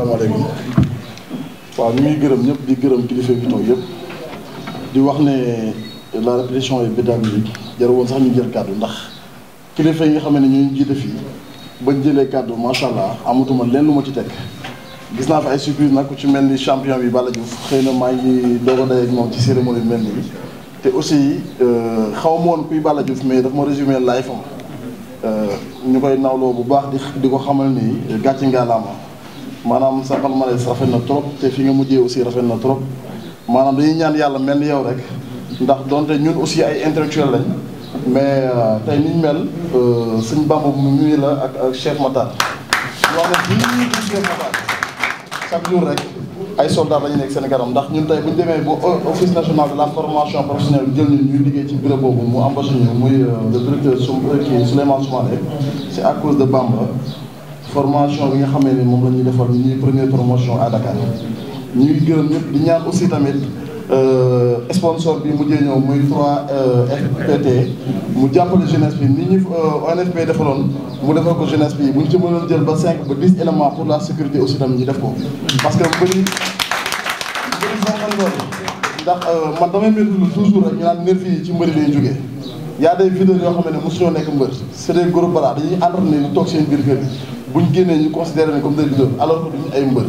asalaamaaleykum waaw ñu ngi gërëm ñëpp di gërëm kilifa bi toog di wax ne la répétition bi pédagogique jar woon sax ñu jël kàddu ndax kilifa yi nga xam ne ñu jiite fii ba jëlee kàddu macha allah amatuma lenn ma ci teg gis naa fa ay surprise nag ku ci mel ni champion bi Balla Diouf xëy na maa ngi doog a daje ak moom ci cérémonie mel nii te aussi euh, xaw ma woon kuy Balla mais daf ma résumé live am euh, ñu koy nawloo bu baax di di ko xamal ni gàcce ngalaama maanaam sa palmarès rafet na trop te fi nga mujjee aussi rafet na trop maanaam dañuy ñaan yàlla mel ni yow rek ndax donte ñun aussi ay intellectuel lañ mais euh, tey ni ñu mel euh, suñ Bamba mu nuyu la ak ak Cheikh Matar. wax jour rek ay soldats lañu nekk seen kanam ndax ñun tey bu ñu demee ba office national de la formation professionnelle jël ñu ñu liggéey ci bureau boobu mu embauché ñu muy euh, le directeur Soum kii Souleymane Soumaré c'est à cause de Bamba. formation bi nga xamee ne moom la ñuy defal ñuy première promotion à Dakar ñu ngi gërëm ñëpp di ñaar aussi tamit euh, sponsor bi mu mujjee ñëw muy 3FPT euh, mu jàppale jeunesse bi ni ñu ONFP euh, defaloon mu defal ko jeunesse bi bu ñu ci jël ba 5 ba 10 éléments pour la sécurité aussi tamit ñi def ko. parce que mbëri mbëri sax man ndax man damay métti toujours rek ñu yi ci mbëri lay jógee. y a des videurs yoo xam ne mosu ñoo nekk mbër c'est des gros bras dañuy entraîné lu toog seen biir bi. buñ génnee ñu considéré ne comme des leaders alors que duñ ay mbër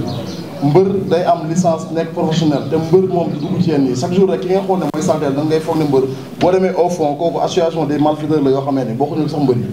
mbër day am licence nekk professionnel te mbër moom di dugg ci yenn yi chaque jour rek ki nga xool ne mooy saltel da ngay foog ne mbër boo demee au fond kooku association des malfaiteurs la yoo xamee ne bokkuñu sax mbër yi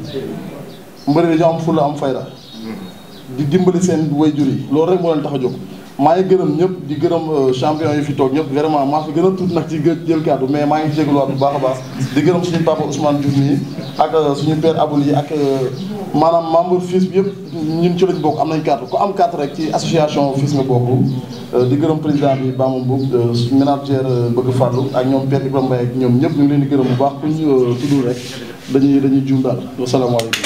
mbër yi dañoo am fulla am fayda hmm. di dimbali seen way jur yi loolu rek moo leen tax a jóg maa ngi gërëm ñëpp di gërëm euh, champion yi fi toog ñëpp vraiment maa fi gën a tuut nag ci jël kàddu mais maa ngi jégaluwaat bu baax a baax di gërëm suñu papa Ousmane Diouf nii ak euh, suñu père Aboul yi ak euh, maanaam membre FILS bi yëpp ñun ci lañ bokk am nañ carte ko am carte rek ci association FILS nga bokk di gërëm président bi Bamba Mboub ménagère bëgg fàllu ak ñoom père Ibrahima Mbaye ak ñoom ñëpp ñu ngi leen di gërëm bu baax ku ñu tudd rek dañuy dañuy juum daal wasalaamaaleykum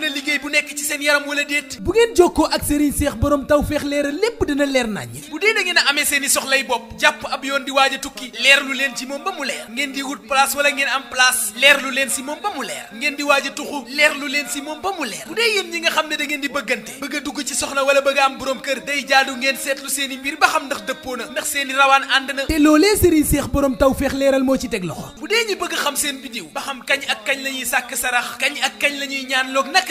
la liggéey bu nekk ci seen yaram wala déet bu ngeen jokkoo ak Serigne Seex borom taw feex leeral lépp dina leer naññ bu dee da ngeen a amee seen i soxlay bopp jàpp ab yoon di waaj a tukki leen ci moom ba mu leer ngeen di wut place wala ngeen am place leerlu leen si moom ba mu leer ngeen di waaj a tuxu leerlu leen si moom ba mu leer bu dee nga xam ne da ngeen di bëggante bëgg dugg ci soxna wala a borom kër day jaadu ngeen seetlu seen i ba xam ndax dëppoo na ndax seen i rawaan ànd na te taw feex leeral moo ci teg loxo bu dee ñi bëgg xam seen bidiw ba xam kañ ak kañ la ñuy sàkk sarax kañ ak kañ la ñuy ñaan loog nak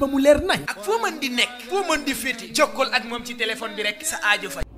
ba mu leer nañ. ak foo man di nekk. foo man di féete. jokkool ak moom ci téléphone bi rek. sa aajo faj.